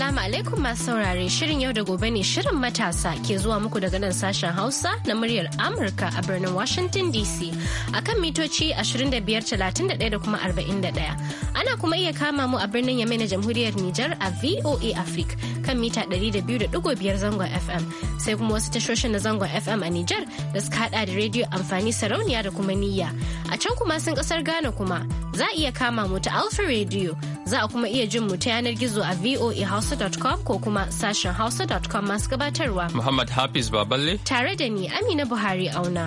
Assalamu alaikum masu saurare shirin yau da gobe ne shirin matasa ke zuwa muku daga nan sashen Hausa na muryar Amurka a birnin Washington DC akan mitoci 2531 da kuma 41. Ana kuma iya kama mu a birnin Yamai na Jamhuriyar Nijar a VOA Africa kan mita 200.5 zangon FM sai kuma wasu tashoshin na zangon FM a Nijar da suka hada da rediyo amfani sarauniya da kuma niyya. A can kuma sun kasar Ghana kuma za a iya kama mu ta Alpha Radio Za a kuma iya jin mu ta yanar gizo a voahausa.com ko kuma sashen hausa.com masu gabatarwa. Muhammad Hafiz Baballe. Tare da ni Amina Buhari auna.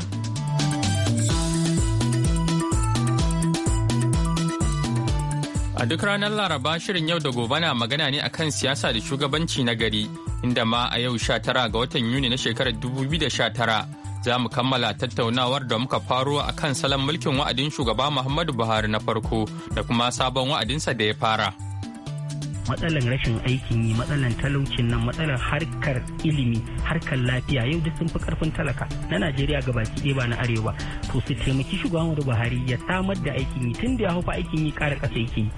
A duk ranar Laraba shirin yau da gobe na magana ne akan siyasa da shugabanci na gari, inda ma a yau 19 ga watan Yuni na shekarar 2019 za mu kammala tattaunawar da muka faro a kan salon mulkin wa'adin shugaba Muhammadu Buhari na farko da kuma sabon wa'adinsa da ya fara. matsalar rashin aikin yi matsalar talaucin nan matsalar harkar ilimi harkar lafiya yau duk sun fi karfin talaka na najeriya ga baki ɗaya ba na arewa to su taimaki shugaban buhari ya samar da aikin yi tun da ya fa aikin yi ƙara ƙasa yake yi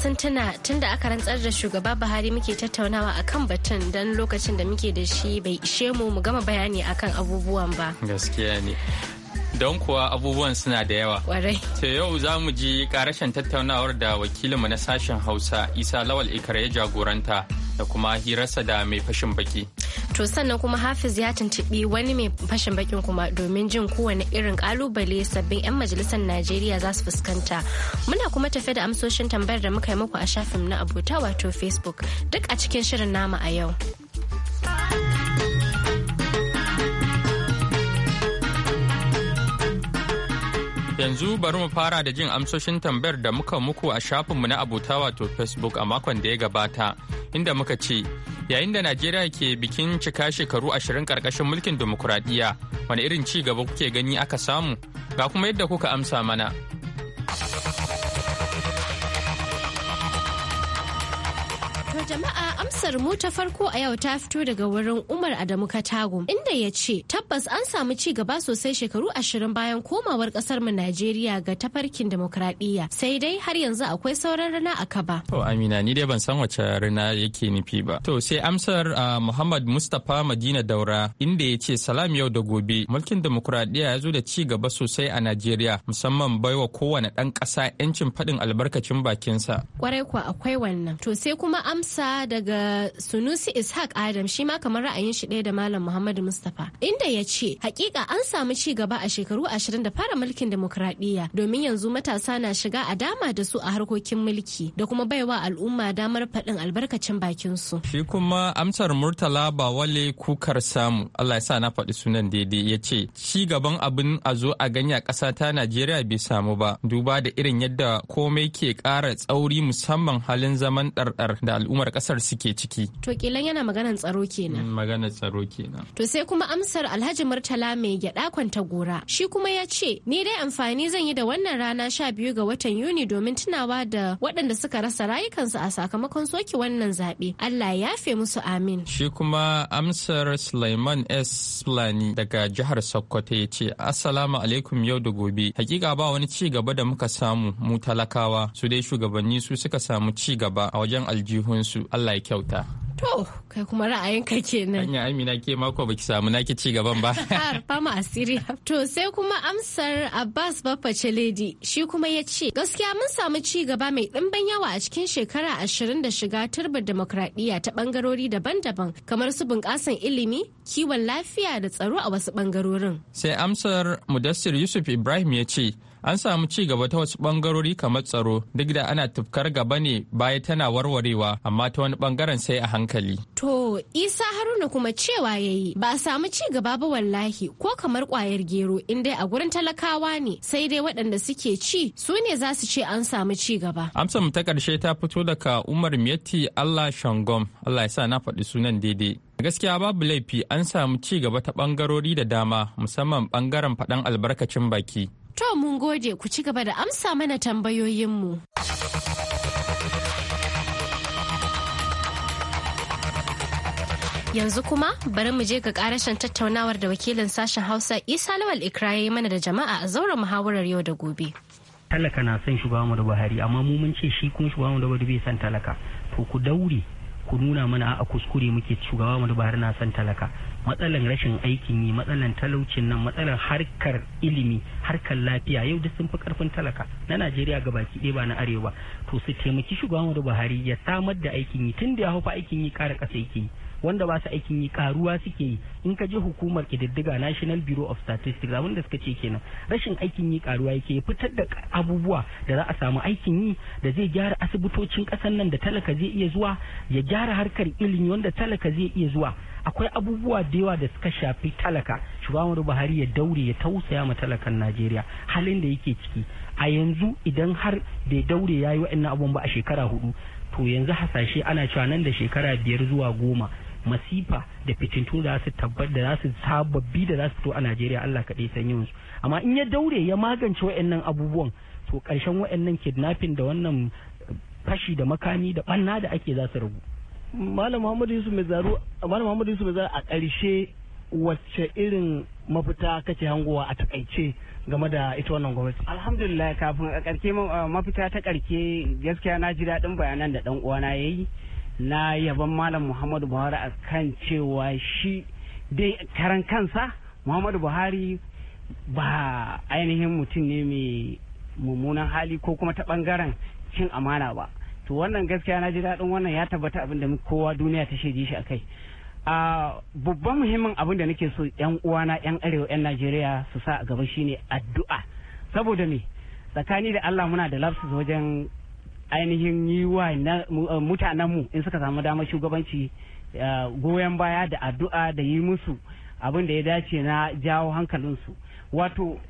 sun tuna tunda aka rantsar da shugaba Buhari muke tattaunawa akan batun don lokacin da muke da shi bai ishe mu mu gama bayani akan abubuwan ba. Gaskiya ne. Don kuwa abubuwan suna da yawa. Warai. Te yau za mu ji karashen tattaunawar da wakilinmu na sashen Hausa Isa Lawal Ikare ya jagoranta da kuma hirarsa da mai fashin baki. To sannan kuma Hafiz ya tuntuɓi wani mai fashin bakin kuma domin jin kowane irin kalubale sabbin 'yan majalisar Najeriya za su fuskanta. Muna kuma tafe da amsoshin tambayar da muka yi muku a shafin na abota wato Facebook duk a cikin shirin nama a yau. Yanzu bari mu fara da jin amsoshin tambayar da muka muku a shafinmu na abota wato Facebook a makon da ya gabata, inda muka ce, yayin da Najeriya ke bikin cika shekaru ashirin karkashin mulkin demokuraɗiyya, wani irin ci gaba kuke gani aka samu, ga kuma yadda kuka amsa mana. To jama'a amsar mu ta farko a yau ta fito daga wurin Umar Adamu Katago, inda ya ce tabbas an samu ci gaba sosai shekaru ashirin bayan komawar kasar mu Najeriya ga tafarkin demokradiyya sai dai har yanzu akwai sauran rana a kaba. To Amina ni dai ban san wace rana yake nufi ba. To sai amsar uh, Muhammad Mustapha Madina Daura inda ya ce salam yau da gobe mulkin demokradiyya ya zo da ci gaba sosai a Najeriya musamman baiwa kowane ɗan ƙasa 'yancin faɗin albarkacin bakinsa. Kwarai kuwa akwai wannan. To sai kuma amsar amsa daga Sunusi Ishaq Adam shi ma kamar ra'ayin shi ɗaya da Malam Muhammadu Mustapha inda ya ce hakika an samu ci gaba a shekaru ashirin da fara mulkin demokradiyya domin yanzu matasa na shiga a dama da su a harkokin mulki da kuma baiwa al'umma damar faɗin albarkacin bakin su. Shi kuma amsar Murtala ba wale kukar samu Allah ya sa na faɗi sunan daidai ya ce ci gaban abin a zo a ganya ƙasa ta Najeriya bai samu ba duba da irin yadda komai ke ƙara tsauri musamman halin zaman ɗarɗar da al'umma al'ummar kasar suke ciki to kilan yana maganar tsaro kenan mm, maganar tsaro kenan to sai kuma amsar alhaji murtala mai gyada kwanta gora shi kuma ya ce ni dai amfani zan yi da wannan rana sha biyu ga watan yuni domin tunawa da waɗanda suka rasa rayukansu a sakamakon soke wannan zaɓe allah ya yafe musu amin shi kuma amsar Sulaiman S. Fulani daga jihar Sokoto ya ce, Assalamu alaikum yau da gobe. Hakika ba wani ci gaba da muka samu mu talakawa, su dai shugabanni su suka samu ci gaba a wajen aljihun su Allah ya kyauta. To, kai kuma ra'ayinka kenan. Hanya Amina ke mako baki samu naki ci gaban ba. Fama asiri. To sai kuma amsar Abbas Baffa Chaledi shi kuma ya ce, gaskiya mun samu ci gaba mai ɗimbin yawa a cikin shekara ashirin da shiga turbar demokradiyya ta ɓangarori daban-daban kamar su bunƙasan ilimi, kiwon lafiya da tsaro a wasu ɓangarorin. Sai amsar Mudassir Yusuf Ibrahim ya ce, an samu ci gaba ta wasu bangarori kamar tsaro duk da ana tufkar gaba ne baya tana warwarewa amma ta wani bangaren sai a hankali. To Isa Haruna kuma cewa yayi ba a samu ci gaba ba wallahi ko kamar kwayar gero in dai a gurin talakawa ne sai dai waɗanda suke ci su ne za su ce an samu ci gaba. Amsa mu ta ƙarshe ta fito daga Umar Miyatti Allah Shangom Allah ya sa na faɗi sunan daidai. A gaskiya babu laifi an samu ci gaba ta bangarori da dama musamman bangaren faɗan albarkacin baki To mun gode ku ci gaba da amsa mana tambayoyinmu. Yanzu kuma bari mu je ga karashin tattaunawar da wakilin sashen Hausa Isa Lawal Ikra ya mana da jama'a a zauren muhawarar yau da gobe. Talaka na son shugaban da Buhari amma mu mun ce shi kuma shugaban da Buhari bai son talaka. To ku daure ku nuna mana a kuskure muke shugaba mu Buhari na san talaka matsalan rashin aikin yi matsalan talaucin nan matsalan harkar ilimi harkar lafiya yau da sun fi karfin talaka na Najeriya ga baki ɗaya ba na arewa to su taimaki shugaba mu Buhari ya samar da aikin yi tun da ya hafa aikin yi ƙara ƙasa yake yi wanda ba su aikin yi karuwa suke yi in ka je hukumar kididdiga national bureau of statistics abinda da suka ce kenan rashin aikin yi karuwa yake fitar da abubuwa da za a samu aikin yi da zai gyara asibitocin kasan nan da talaka zai iya zuwa ya gyara harkar ilimi wanda talaka zai iya zuwa akwai abubuwa da yawa da suka shafi talaka shugaban buhari ya daure ya tausaya ma talakan najeriya halin da yake ciki a yanzu idan har bai daure ya yi wa'annan abubuwan ba a shekara hudu to yanzu hasashe ana cewa nan da shekara biyar zuwa goma masifa da fitintun da su tabbat da za su sababbi da za su fito a Najeriya Allah kaɗai san yawan su amma in ya daure ya magance waɗannan abubuwan to ƙarshen waɗannan kidnapping da wannan eh, fashi da makami da banna da ake za su rabu. Malam Muhammadu Yusuf mai zaro Malam Muhammadu Yusuf mai zaro a ƙarshe wacce irin mafita kace hangowa a takaice game da ita wannan gwamnati alhamdulillah kafin a karke eh, mafita ta karke gaskiya na ji daɗin bayanan da ɗan uwana yayi na yaban malam muhammadu buhari a kan cewa shi dai karan kansa muhammadu buhari ba ainihin mutum ne mai mummunan hali ko kuma ta bangaren cin amana ba to wannan gaskiya na ji daɗin wannan ya tabbata abin da kowa duniya ta shaidi shi kai a babban muhimmin abin da nake so yan uwana yan arewa yan najeriya su sa a gaba shine addu'a saboda me tsakani da allah muna da lafsus wajen ainihin yi wa eh, mutanenmu in suka samu damar shugabanci eh, goyon baya da addu'a da yi musu abin da ya dace na jawo hankalinsu wato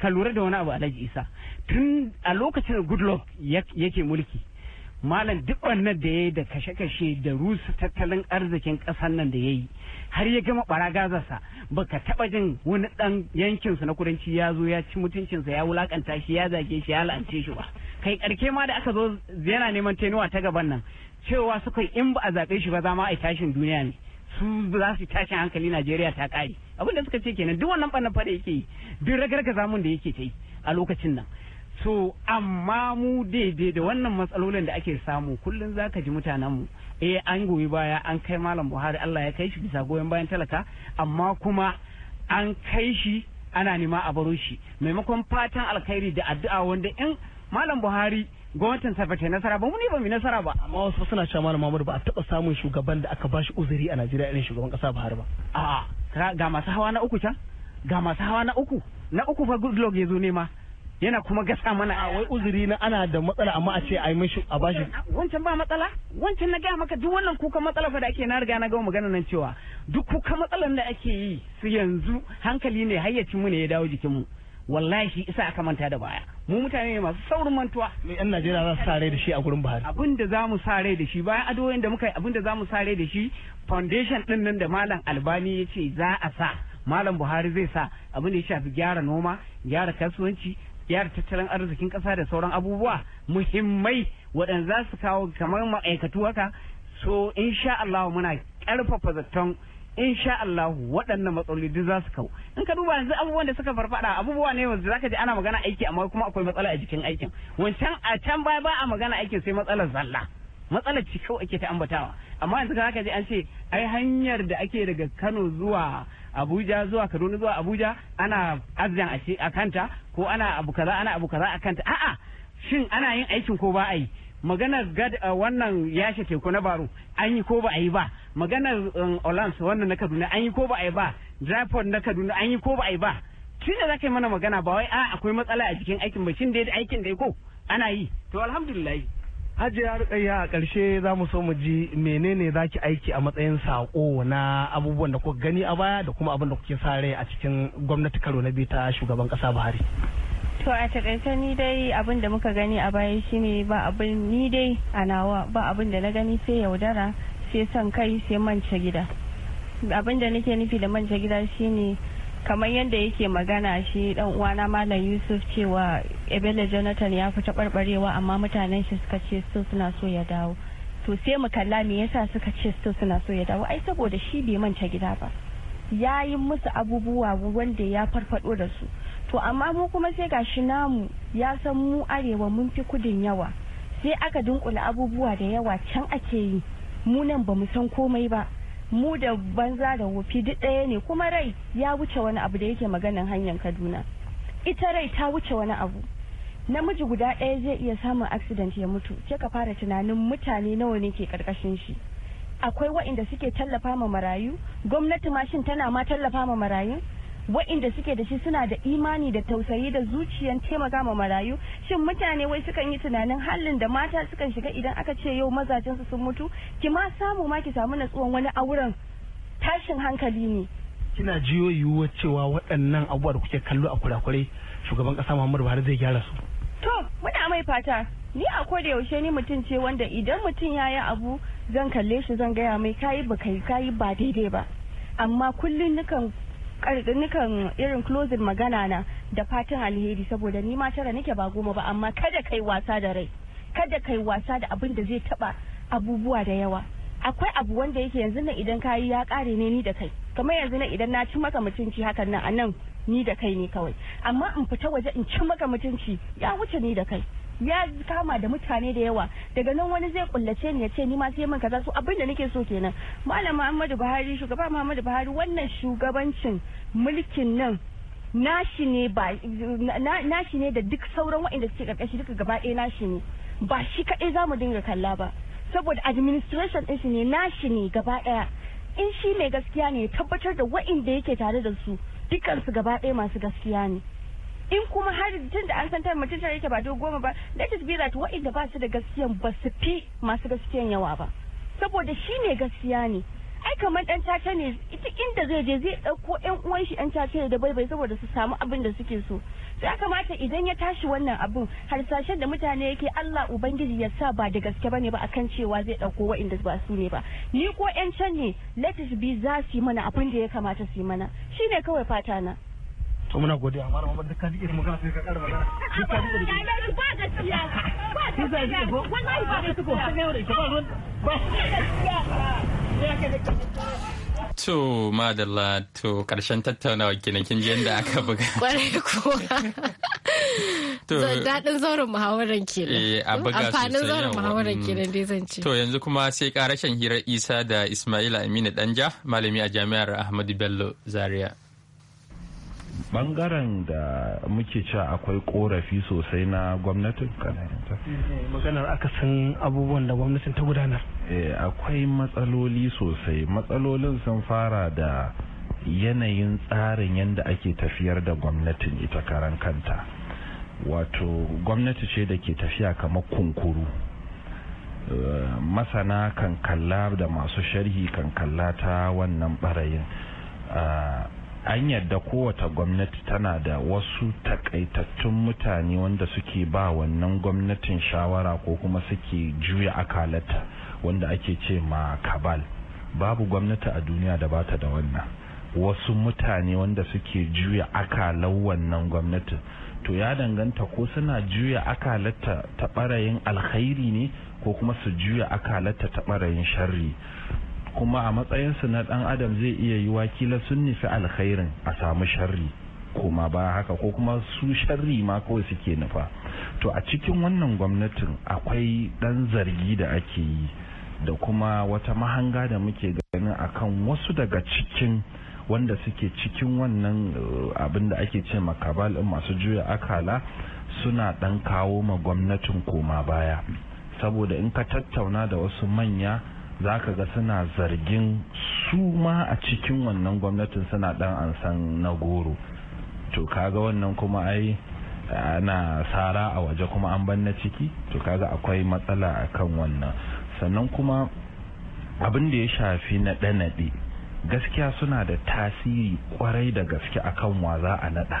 ka lura da wani abu alhaji isa tun a lokacin goodluck yake mulki malam duk wannan da ya yi da kashe-kashe da rusa tattalin arzikin ƙasar nan da ya yi har ya gama bara gazarsa baka taɓa jin wani ɗan yankinsa na kudanci ya zo ya ci mutuncinsa ya wulakanta shi ya zage shi ya la'ance shi ba kai ƙarke ma da aka zo yana neman tenuwa ta gaban nan cewa suka in ba a zaɓe shi ba za ma a tashin duniya ne su za su tashin hankali Najeriya ta ƙare abin da suka ce kenan duk wannan ɓannan fada yake yi duk ragargaza mun da yake ta yi a lokacin nan so amma mu daidai da wannan matsalolin da ake samu kullum zaka ji mutanenmu eh an goyi baya an kai malam buhari allah ya kai shi bisa goyon bayan talaka amma kuma an kai shi ana nema a baro shi maimakon fatan alkhairi da addu'a wanda in malam buhari gwamnatin sa ta nasara ba mu ne ba mu nasara ba amma wasu suna cewa malam Muhammadu ba a taba samun shugaban da aka ba shi uzuri a Najeriya irin shugaban kasa Buhari ba a ga masu hawa na uku can ga masu hawa na uku na uku fa Goodluck ya zo nema yana kuma gasa mana a wai uzuri na ana da matsala amma a ce a yi mishi a bashi wancan ba matsala wancan na gaya maka duk wannan kuka matsala fa da ake na riga na gama magana nan cewa duk kuka matsalan da ake yi su yanzu hankali ne hayyacin mu ne ya dawo jikin mu wallahi isa aka manta da baya mu mutane ne masu saurin mantuwa me yan Najeriya za su sare da shi a gurin Buhari abinda da za mu sare da shi bayan adoyin da muka yi abin da za mu sare da shi foundation din nan da malam Albani ya ce za a sa malam buhari zai sa abin da ya shafi gyara noma gyara kasuwanci ya tattalin arzikin kasa da sauran abubuwa muhimmai waɗanda za su kawo kamar ma'aikatu haka so insha Allah muna ƙarfafa zaton insha Allah waɗannan matsaloli duk za su kawo in ka duba yanzu abubuwan da suka farfada abubuwa ne wanda zaka ji ana magana aiki amma kuma akwai matsala a jikin aikin wancan a can baya ba a magana aikin sai matsalar zalla matsalar cikau ake ta ambatawa amma yanzu ka ji an ce ai hanyar da ake daga Kano zuwa abuja zuwa kaduna zuwa abuja ana azan a kanta ko ana abu kaza ana abu kaza a kanta a'a shin ana yin aikin ko ba a yi maganar gad eh, wannan yashe teku na baro an yi ko ba a yi ba maganar um, olans wannan na kaduna an yi ko ba a yi ba drypod na kaduna an yi ko ba a yi ba shi da zaka yi mana magana ba wai a akwai matsala a cikin aikin ba shin dai aikin dai ko ana yi to alhamdulillah Hajiya Rukayya a ƙarshe za mu so mu ji menene za ki aiki a matsayin sako na abubuwan da kuka gani a baya da kuma abin da kuke sa rai a cikin gwamnati karo na biyu ta shugaban ƙasa Buhari. To a taƙaita ni dai abin da muka gani a baya shine ba abin ni dai a nawa ba abin da na gani sai yaudara sai son kai sai manca gida. Abin da nake nufi da manca gida shine kamar yadda yake magana shi dan uwana malam yusuf cewa ebele jonathan ya fita barbarewa amma mutanen shi suka ce su suna so ya dawo to sai mu kalla me yasa suka ce su suna so ya dawo ai saboda shi bai manta gida ba ya yi musu abubuwa wanda ya farfado da su to amma mu kuma sai gashi namu ya san mu arewa mun fi kudin yawa sai aka dunkula abubuwa da yawa can ake yi mu nan ba san komai ba mu da banza da wofi duk ɗaya ne kuma rai ya wuce wani abu da yake maganan hanyar kaduna ita rai ta wuce wani abu namiji guda ɗaya zai iya samun accident ya mutu ke ka fara tunanin mutane nawa ne ke karkashin shi akwai waɗanda suke tallafa ma marayu gwamnati mashin tana ma tallafa ma marayu wa'inda suke da shi suna da imani da tausayi da zuciyan taimaka ma marayu shin mutane wai sukan yi tunanin halin da mata sukan shiga idan aka ce yau mazajen su sun mutu ki ma samu ma ki samu natsuwan wani auren tashin hankali ne kina jiyo yiwuwar cewa waɗannan abubuwa da kuke kallo a kurakurai shugaban ƙasa Muhammadu Buhari zai gyara su to muna mai fata ni a koda yaushe ni mutum ce wanda idan mutum ya yi abu zan kalle shi zan gaya mai kayi ba kai kayi ba daidai ba amma kullum nukan nikan irin closing magana na da fatan alheri saboda ni ma tara nake ba goma ba amma kada kai wasa da rai kada kai wasa da abin da zai taba abubuwa da yawa akwai abu wanda yake yanzu na idan kayi ya kare ne ni da kai kamar yanzu na idan na ci maka mutunci hakan nan anan ni da kai ne kawai amma in fita waje in ci maka mutunci ya wuce ni da kai ya kama da mutane da yawa daga nan wani zai kullace ni ya ce ni ma sai min kaza su abin da nake so kenan malam Muhammadu Buhari shugaba Muhammadu Buhari wannan shugabancin mulkin nan nashi ne ba nashi ne da duk sauran waɗanda suke karkashi duka gaba ɗaya nashi ne ba shi kaɗai za mu dinga kalla ba saboda administration ɗin shi ne nashi ne gaba ɗaya in shi mai gaskiya ne tabbatar da waɗanda yake tare da su dukkan su gaba ɗaya masu gaskiya ne in kuma har tun da an san ta mutum tare yake ba dogo goma ba let it be that wa'inda ba su da gaskiyan ba su fi masu gaskiyan yawa ba saboda shi ne gaskiya ne ai kamar dan caca ne ita inda zai je zai dauko yan uwan shi yan caca da bai saboda su samu abin da suke so ya kamata idan ya tashi wannan abun harsashen da mutane yake Allah ubangiji ya sa ba da gaske bane ba akan cewa zai dauko wa'inda ba su ne ba ni ko yan can ne let it be za su yi mana abin da ya kamata su yi mana shine kawai fata na to muna godiya amma ramar duk kaji irin magana sai ka kara magana duk kaji irin magana ba gaskiya ba gaskiya ko wannan ba gaskiya ko sai yau da ke ba ka ba To madalla to karshen tattaunawa kenan kin ji yadda aka buga. Kwarai kuwa. To daɗin zauren muhawarar kenan. Eh a buga sosai Amfanin zauren muhawarar mm. kenan dai zan ce. To yanzu kuma sai ƙarashen hirar Isa da Ismaila Aminu Danja malami a Jami'ar Ahmadu Bello Zaria. bangaren da muke cewa akwai korafi sosai na gwamnatin kanayanta eh, maganar akasin abubuwan da gwamnatin ta gudanar eh, akwai matsaloli sosai matsalolin sun fara da yanayin tsarin yadda ake tafiyar da gwamnatin ita karan kanta wato gwamnati ce da ke tafiya kamar kunkuru eh, masana kan kalla da masu sharhi kan kalla ta wannan barayin ah, an yadda kowace gwamnati tana da wasu takaitattun mutane wanda suke ba wannan gwamnatin shawara ko kuma suke juya akalata wanda ake ce ma kabal babu gwamnati a duniya da bata da wannan wasu mutane wanda suke juya akalau wannan gwamnati to ya danganta ko suna juya akalata ta barayin alkhairi ne ko kuma su juya akalata ta barayin sharri kuma a matsayinsu na dan adam zai iya yi wakila sun nufi alkhairin a samu sharri koma ba haka ko kuma su sharri ma kawai suke nufa to a cikin wannan gwamnatin akwai dan zargi da ake yi da kuma wata mahanga da muke ganin akan wasu daga cikin wanda suke cikin wannan eh, abin da ake ce makabal masu juya akala suna dan kawo ma gwamnatin koma baya saboda in ka tattauna da wasu manya za ka ga suna zargin su ma a cikin wannan gwamnatin suna dan ansan na goro to kaga wannan kuma ai ana sara a waje kuma an ban na ciki to kaga akwai matsala kan wannan sannan kuma abin da ya shafi na naɗe gaskiya suna da tasiri kwarai da gaske akan wa za a naɗa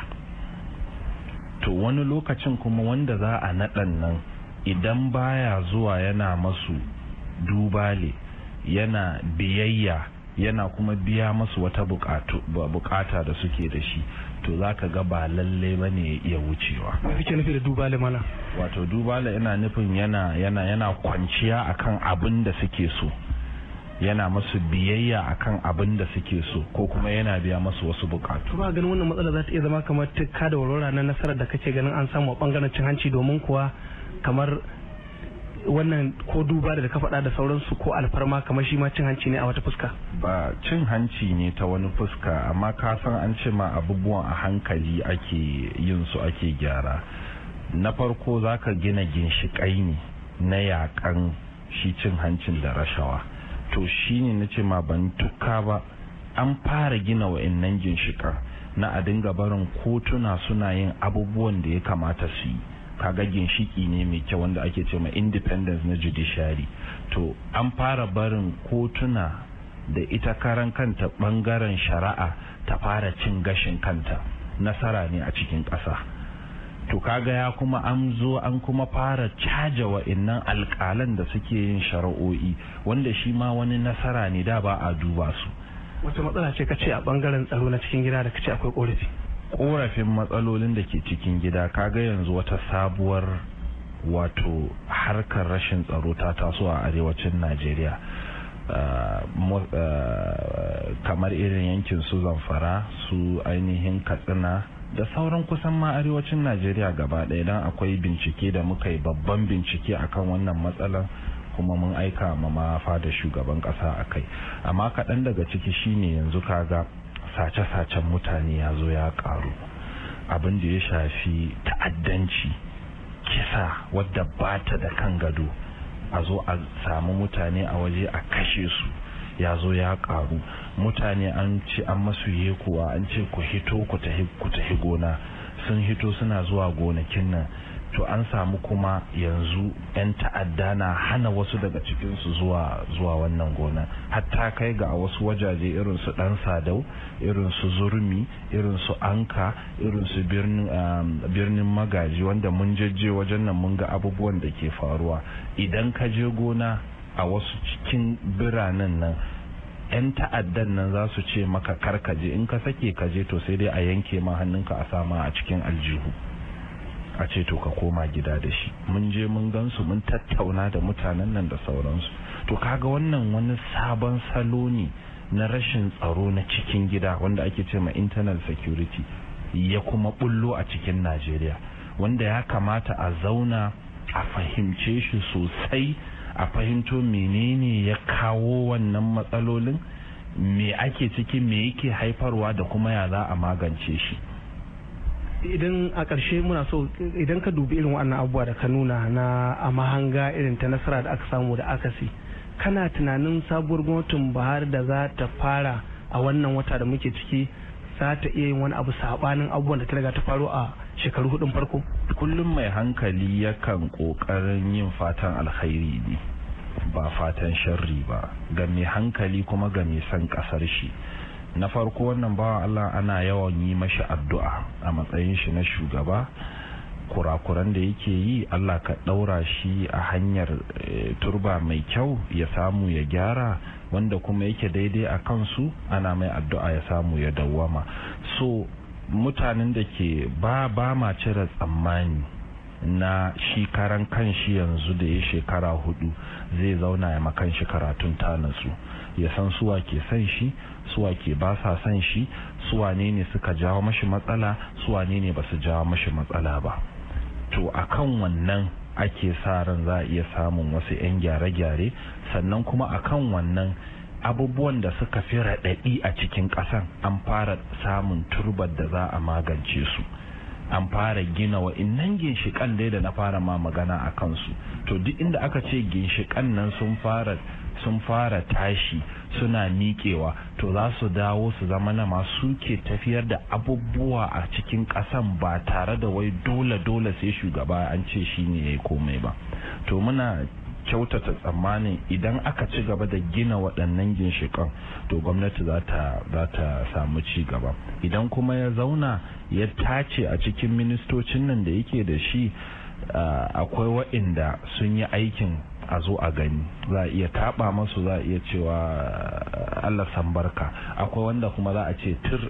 to wani lokacin kuma wanda za a naɗan nan idan baya zuwa yana masu dubale yana biyayya yana kuma biya masu wata bukata da suke da shi to za ka ga ba lallai ba ne ya wucewa. Kake nufi da dubale mana? Wato dubale yana nufin yana yana yana kwanciya akan abin da suke so. yana masu biyayya akan abin da suke so ko kuma yana biya masu wasu bukatu. Ba ganin wannan matsala za ta iya zama kamar tukka da warwara na nasarar da kake ganin an samu a bangaren cin hanci domin kuwa kamar wannan ko duba da ka faɗa da sauransu ko alfarma kamar shi ma cin hanci ne a wata fuska ba cin hanci ne ta wani fuska amma ka san an ce ma abubuwan a hankali ake yin su ake gyara na farko za ka gina ginshiƙai ne na yaƙan shi cin hancin da rashawa to shi ne na ce ma ban tuka ba an fara gina wa'annan ginshiƙa na a dinga barin kotuna suna yin abubuwan da ya kamata su yi kaga ginshiki ne mai kyau wanda ake ce ma independence na judiciary to an fara barin kotuna da ita karan kanta bangaren shari'a ta fara cin gashin kanta nasara ne a cikin ƙasa. to kaga ya kuma an zo an kuma fara caja wa'annan alƙalan da suke yin shari'o'i wanda shi ma wani nasara ne da ba a duba su wata matsala ce kace a bangaren tsaro na cikin gida da kace akwai korafi korafin matsalolin da ke cikin gida kaga yanzu wata sabuwar wato harkar rashin tsaro ta taso a arewacin najeriya ah, ah, kamar irin yankin su zamfara su ainihin katsina da sauran kusan ma arewacin najeriya gaba ɗaya don akwai bincike da muka yi babban bincike akan wannan matsalar kuma mun aika ma mafa da shugaban ƙasa a kai amma kaɗan daga ciki shine yanzu kaga sace-sacen mutane ya zo ya karu abin da ya shafi ta'addanci kisa wadda ba ta da kan gado a zo a samu mutane a waje a kashe su ya zo ya karu mutane an ce an masu kuwa an ce ku hito ku tahi gona sun hito suna zuwa gonakin nan to an samu kuma yanzu 'yan ta'adda na hana wasu daga cikinsu zuwa zuwa wannan gona hatta kai ga wasu wajaje irin su dan sadau irin su zurmi irin su anka irin su birnin um, magaji wanda mun jejje wajen nan mun ga abubuwan da ke faruwa idan ka je gona a wasu cikin biranen nan 'yan ta'addan nan za su ce maka karkaje in ka sake kaje to sai dai a yanke ma hannunka a sama a cikin aljihu a ce to ka koma gida da shi mun je mun gansu mun tattauna da mutanen nan da sauransu to kaga wannan wani sabon salo ne na rashin tsaro na cikin gida wanda ake ce ma internal security ya kuma bullo a cikin najeriya wanda ya kamata a zauna a fahimce shi sosai a fahimto menene ya kawo wannan matsalolin me ake ciki me yake haifarwa da kuma ya za a magance shi idan a ƙarshe muna so idan ka dubi irin wannan abubuwa da ka nuna na a mahanga irin ta nasara da aka samu da aka akasi kana tunanin sabuwar gwamnatin buhari da za ta fara a wannan wata da muke ciki za ta iya yin wani abu saɓanin abubuwan da ta riga ta faru a shekaru hudun farko kullum mai hankali yakan kokarin yin fatan alkhairi ne ba fatan sharri ba ga mai hankali kuma ga mai son kasar shi na farko wannan bawa allah ana yawan yi mashi addu'a a matsayin shi na shugaba kurakuran da yake yi allah ka ɗaura shi a hanyar eh, turba mai kyau ya samu ya gyara wanda kuma yake daidai a kansu ana mai addu'a ya samu ya dawwama so mutanen da ke ba ba ma cire tsammani na shekaran karan shi yanzu da ya shekara hudu zai zauna ya makanshi karatun tanatsu ya san suwa ke san shi suwa ke ba sa san shi suwa ne ne suka jawo mashi matsala suwa ne ne ba su jawo mashi matsala ba to a kan wannan ake sa ran za a iya samun wasu 'yan gyare-gyare sannan kuma a kan wannan abubuwan da suka fi raɗaɗi a cikin ƙasan an fara samun turbar da za a magance su an fara gina wa'innan ginshikan dai da na fara ma magana a kansu to duk inda aka ce ginshikan nan sun fara sun fara tashi suna miƙewa to za su dawo su zama na masu ke tafiyar da abubuwa a cikin ƙasan ba tare da wai dole dole sai shugaba an ce shi ne ya komai ba to muna kyautata tsammanin idan aka ci gaba da gina waɗannan ginshiƙan to gwamnati za ta samu ci gaba idan kuma ya zauna ya tace a cikin ministocin nan da yake da shi akwai waɗanda sun yi aikin a zo a gani za a iya taɓa masu za a iya cewa allah sambarka akwai wanda kuma za a ce tir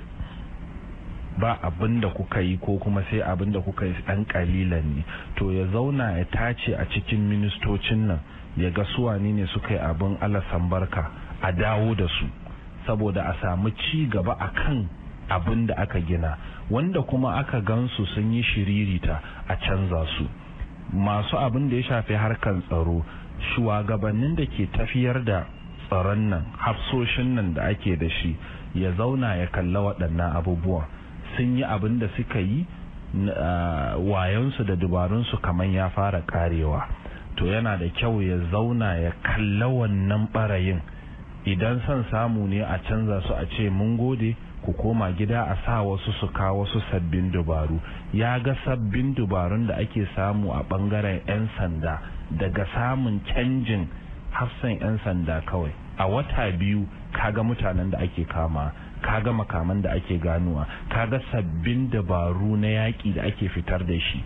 ba abin da kuka yi ko kuma sai abin da kuka yi dan kalilan ne to ya zauna ya tace a cikin ministocin nan ya ga su ne suka yi abin alasan barka a dawo da su saboda a samu ci gaba a kan abin da aka gina wanda kuma aka gansu sun yi shiririta a canza su masu abin da ya shafi harkar tsaro shugabannin da ke tafiyar da tsaron nan hafsoshin nan da ake da shi ya zauna ya kalla waɗannan abubuwan sun yi abin da suka yi wayansu da dubarunsu kamar ya fara karewa to yana da kyau ya zauna ya kalla wannan barayin idan son samu ne a canza su a ce mun gode ku koma gida a sa wasu su kawo wasu sabbin dubaru ya ga sabbin dubarun da ake samu a bangaren 'yan sanda daga samun canjin hafsan 'yan sanda kawai a wata biyu kaga mutanen da ake kama kaga makaman da ake ka kaga sabbin dabaru na yaƙi da ake fitar da shi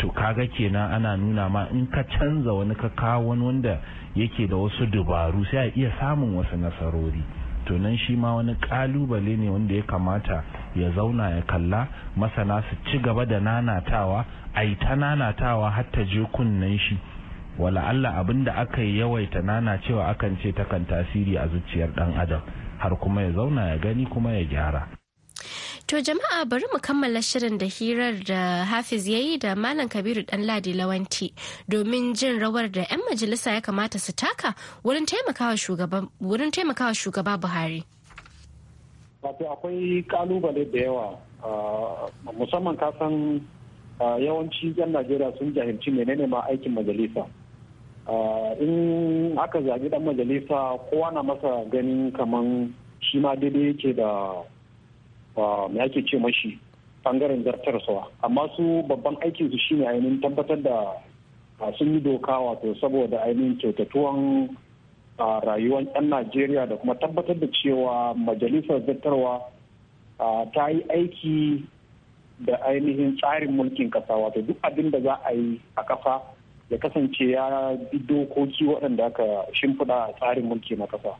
to kaga kenan ana nuna ma in ka canza wani ka kawo wani wanda yake da wasu dabaru sai a iya samun wasu nasarori to nan shi ma wani kalubale ne wanda ya kamata ya zauna ya kalla masana su ci gaba da nanatawa a yi ta nanatawa har ta je kunnen shi wala Allah abin aka yi yawaita nana cewa akan ce takan tasiri a zuciyar dan adam har kuma ya zauna ya gani kuma ya gyara To jama'a bari mu kammala shirin da hirar da Hafiz ya yi da Malam Kabiru Dan Ladi Lawanti domin jin rawar da 'yan majalisa ya kamata su taka wurin taimakawa shugaba Buhari. Wato akwai kalubale da yawa musamman kasan yawanci 'yan Najeriya sun jahilci menene ma aikin majalisa. Ah, in aka zagi ɗan majalisa kowa na masa ganin kaman shi ma daidai yake da me ake ce mashi bangaren zartarsuwa amma su babban aikin su shine ainihin tabbatar da ah, sun yi doka wato saboda ainihin kyautatuwan ah, rayuwar 'yan najeriya da kuma tabbatar da cewa majalisar zartarwa ta yi aiki da ainihin tsarin mulkin kasa wato duk abin da za a yi a kasa ya kasance ya bi dokoki waɗanda aka shimfiɗa a tsarin mulki na ƙasa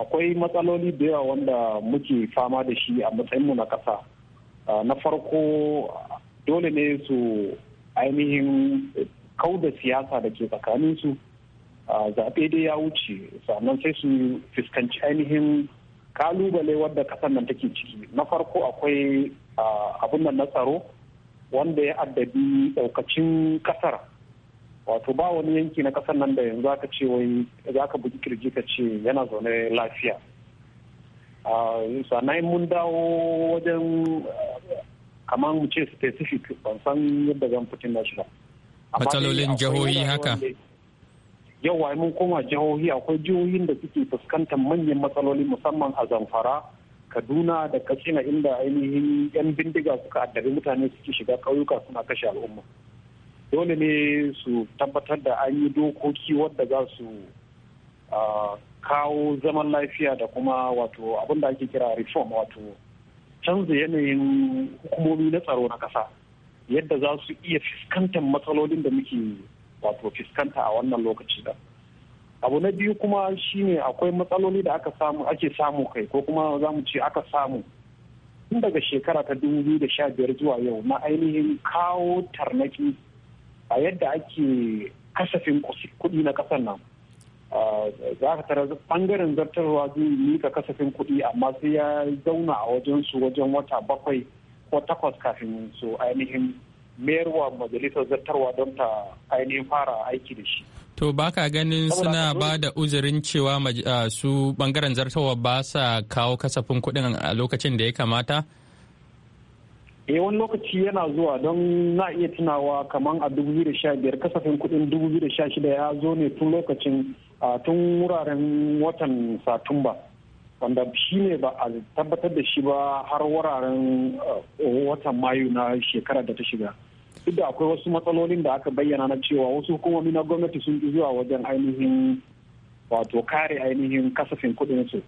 akwai matsaloli da yawa wanda muke fama da shi a matsayinmu na ƙasa na farko dole ne su ainihin kauda siyasa da ke tsakaninsu zaɓe dai ya wuce sannan sai su fuskanci ainihin kalubale wadda ƙasar nan take ciki na farko akwai abin nan na tsaro wanda ya addabi ɗaukacin ƙasar wato ba wani yanki na kasar nan da yanzu aka ce wai za ka bugi kirji ka ce yana zaune lafiya ah, sannan mun dawo wajen kamar mu ce specific ban san yadda zan fitin na shi ba matsalolin jihohi haka yawa mun koma jihohi akwai jihohin da suke fuskantar manyan matsaloli musamman a zamfara kaduna da katsina inda ainihin yan bindiga suka addabi mutane suke shiga ƙauyuka suna kashe al'umma dole ne su tabbatar da an yi dokoki wadda za su kawo zaman lafiya da kuma wato abin da ake kira reform wato canza yanayin hukumomi na tsaro na ƙasa yadda za su iya fuskantar matsalolin da muke wato fuskanta a wannan lokaci da abu na biyu kuma shine akwai matsaloli da aka samu ake samu kai ko kuma za mu ce aka samu tun daga shekara ta biyar zuwa yau na ainihin kawo tarnaki a yadda ake kasafin kuɗi na ƙasar nan za ka tara ɓangaren zartarwa zai mika kasafin kuɗi amma sai ya zauna a wajen su wajen wata bakwai ko takwas kafin su ainihin mayarwa majalisar zartarwa don ta ainihin fara aiki da shi To ba ka ganin suna ba da uzurin cewa su bangaren zartarwa ba sa kawo kasafin kuɗin a lokacin da ya kamata? e wani lokaci yana zuwa don na iya tunawa kamar a 2015 kasafin kudin 2016 ya zo ne tun lokacin tun wuraren watan satumba wanda shi ne ba a tabbatar da shi ba har wuraren watan mayu na shekarar da ta shiga duk da akwai wasu matsalolin da aka bayyana na cewa wasu hukumomi na gwamnati sun ki zuwa wajen ainihin wato kare ainihin kasafin kudin su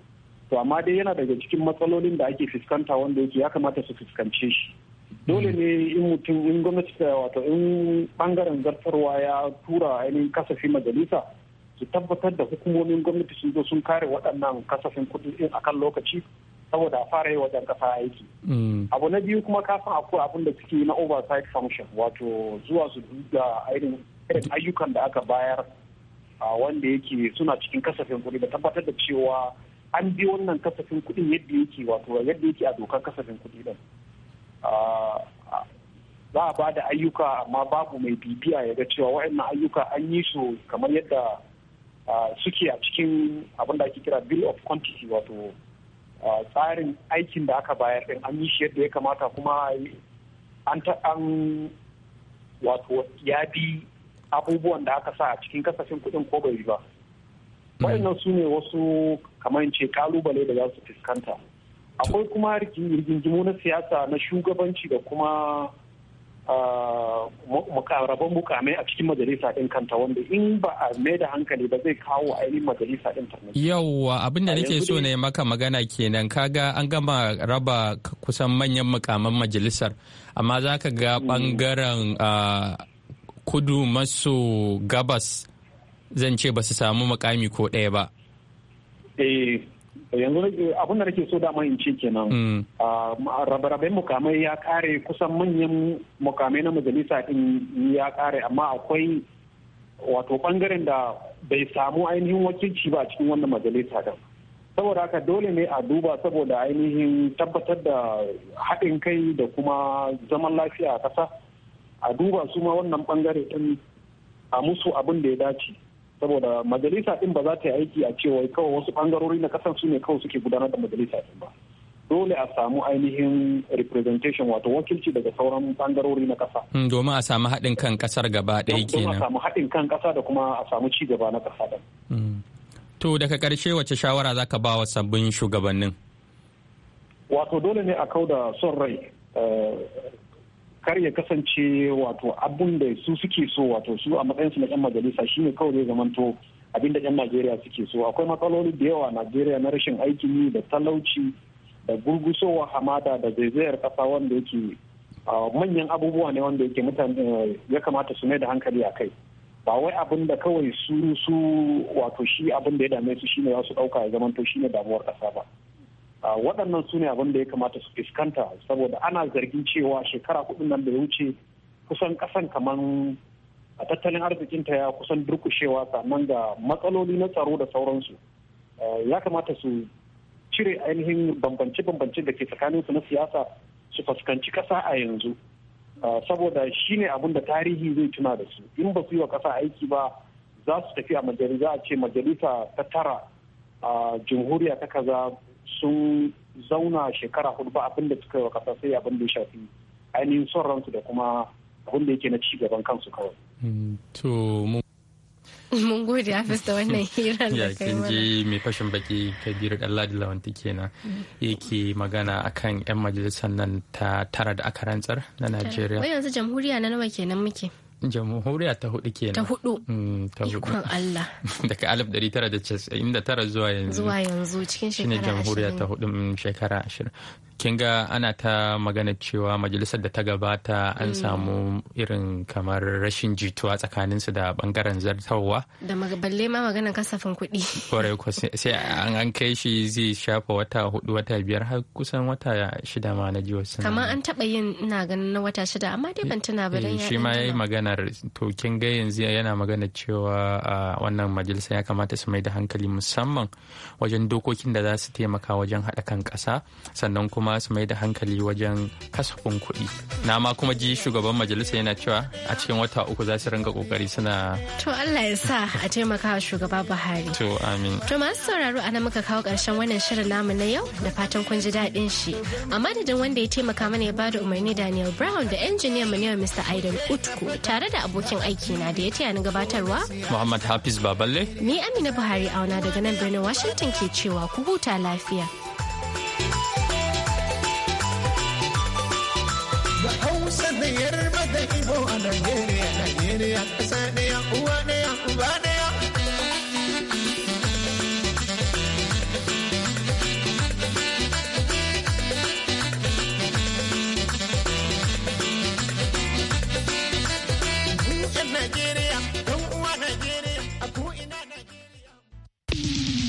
to amma dai yana daga cikin matsalolin da ake fuskanta wanda yake ya kamata su fuskance shi dole ne in mutum in gwamnati ta wato in bangaren zartarwa ya tura ainihin kasafi majalisa su tabbatar da hukumomin gwamnati sun zo sun kare waɗannan kasafin kuɗi a kan lokaci saboda a fara yi wajen ƙasa aiki. Mm. Abu na biyu kuma kafin akwai abin da suke na oversight function wato zuwa su duba ainihin ayyukan da aka bayar a wanda yake suna cikin kasafin kuɗi da tabbatar da cewa an bi wannan kasafin kuɗin yadda yake wato yadda yake a dokar kasafin kuɗi ɗin. Ah, za a ba da ayyuka amma babu mai bibiya ya ga cewa waɗannan ayyuka an yi su kamar yadda ah, suke a cikin abin da ake kira bill of quantity wato ah, tsarin aikin da aka bayar din an yi shi yadda ya kamata kuma an ta an wato ya bi abubuwan da aka sa a cikin kasafin kuɗin ko bai ba hmm. waɗannan su ne wasu kamar ce kalubale da za su fuskanta akwai kuma rigingimu na siyasa na shugabanci da kuma raba mukamai a cikin majalisa ɗin kanta wanda in ba a mai da hankali ba zai kawo a ainihin majalisa ɗin tarnaci. Yawwa abin da nake so ne maka magana kenan kaga an gama raba kusan manyan mukaman majalisar amma za ka ga hmm. ɓangaren kudu maso gabas zan ce ba su samu mukami ko ɗaya ba. Eh. yanzu abin da nake so dama in ce kenan mm. rabe-raben mukamai ya kare kusan manyan mukamai na majalisa din ya kare amma akwai wato bangaren da bai samu ainihin wakilci ba cikin wannan majalisa din saboda haka dole ne a duba saboda ainihin tabbatar da haɗin kai da kuma zaman lafiya a ƙasa a duba su ma wannan bangare din a musu abin da ya dace saboda majalisa ɗin ba za ta yi aiki a cewa kawai wasu bangarori na kasar su ne kawai suke gudanar da majalisa din ba dole a samu ainihin representation wato wakilci daga sauran bangarori na kasa hmm, domin a samu haɗin kan kasar gaba ɗaya kenan domin a samu haɗin kan kasa da kuma a samu ci gaba na kasa din hmm. to daga karshe wace shawara zaka ba wa sabbin shugabannin wato dole ne a kauda son rai eh, kar ya kasance wato abun da su suke so wato su a matsayinsu na 'yan majalisa shi ne kawai zai zamanto abin da 'yan najeriya suke so akwai matsaloli da yawa najeriya na rashin aikin yi da talauci da gurgusowa hamada da zaizayar kasa wanda yake manyan abubuwa ne wanda yake mutane eh, ya kamata su mai da hankali a kai ba wai abin da kawai su su wato shi abin da ya dame su shine za su dauka ya zamanto shine damuwar kasa ba waɗannan su ne abin da ya kamata su fuskanta saboda ana zargin cewa shekara kuɗin nan da ya wuce kusan ƙasan kaman a tattalin arzikinta ya kusan durkushewa sannan ga matsaloli na tsaro da sauransu ya kamata su cire ainihin bambance-bambance da ke tsakaninsu na siyasa su fuskanci ƙasa a yanzu saboda shi ne abin da tarihi zai tuna da su in ba su yi wa ƙasa aiki ba za su tafi a majalisa a ce majalisa ta tara a jamhuriya ta kaza sun zauna shekara hudu ba abinda da suka yi wa kasa sai abin da ya shafi ainihin son ransu da kuma abin da yake na ci gaban kansu kawai. Mm, to mun gode hafiz fista wannan hirar da kai mana. ji mai fashin baki kabiru Lawan lawanti kenan mm. yake magana akan 'yan majalisar nan ta tara da aka rantsar na najeriya. wai yanzu jamhuriya na nawa kenan muke. jamhuriya ta hudu kenan ta hudu mm, ta hudu ikon Allah daga 1999 zuwa yanzu zuwa yanzu cikin shekara 20 shine jamhuriya ta hudu mm, shekara 20 kin ga ana ta magana cewa majalisar da ta gabata an mm. samu irin kamar rashin jituwa tsakaninsu da bangaren zartarwa da balle ma magana kasafin kuɗi kwarai sai an kai shi zai shafa wata hudu wata biyar har kusan wata shida ma na jiwa suna kamar an taɓa yin ina ganin na wata shida amma dai ban tuna ba dan eh, shi ma yayi maganar to kin ga yanzu yana magana cewa wannan majalisa ya kamata su mai da hankali musamman wajen dokokin da za su taimaka wajen haɗa kan ƙasa sannan kuma kuma su mai da hankali wajen kasafin kuɗi na ma kuma ji shugaban majalisa yana cewa a cikin wata uku za su ringa kokari suna to Allah ya sa a taimaka shugaba Buhari to amin to masu sauraro ana muka kawo ƙarshen wannan shirin namu na yau da fatan kun ji daɗin shi a madadin wanda ya taimaka mana ya bada umarni Daniel Brown da injiniyan mu ne Mr. Aidan Utku tare da abokin aiki na da ya taya ni gabatarwa Muhammad Hafiz Baballe ni Amina Buhari auna daga nan birnin Washington ke cewa ku huta lafiya ƙasa ɗaya uwa ɗaya uba ne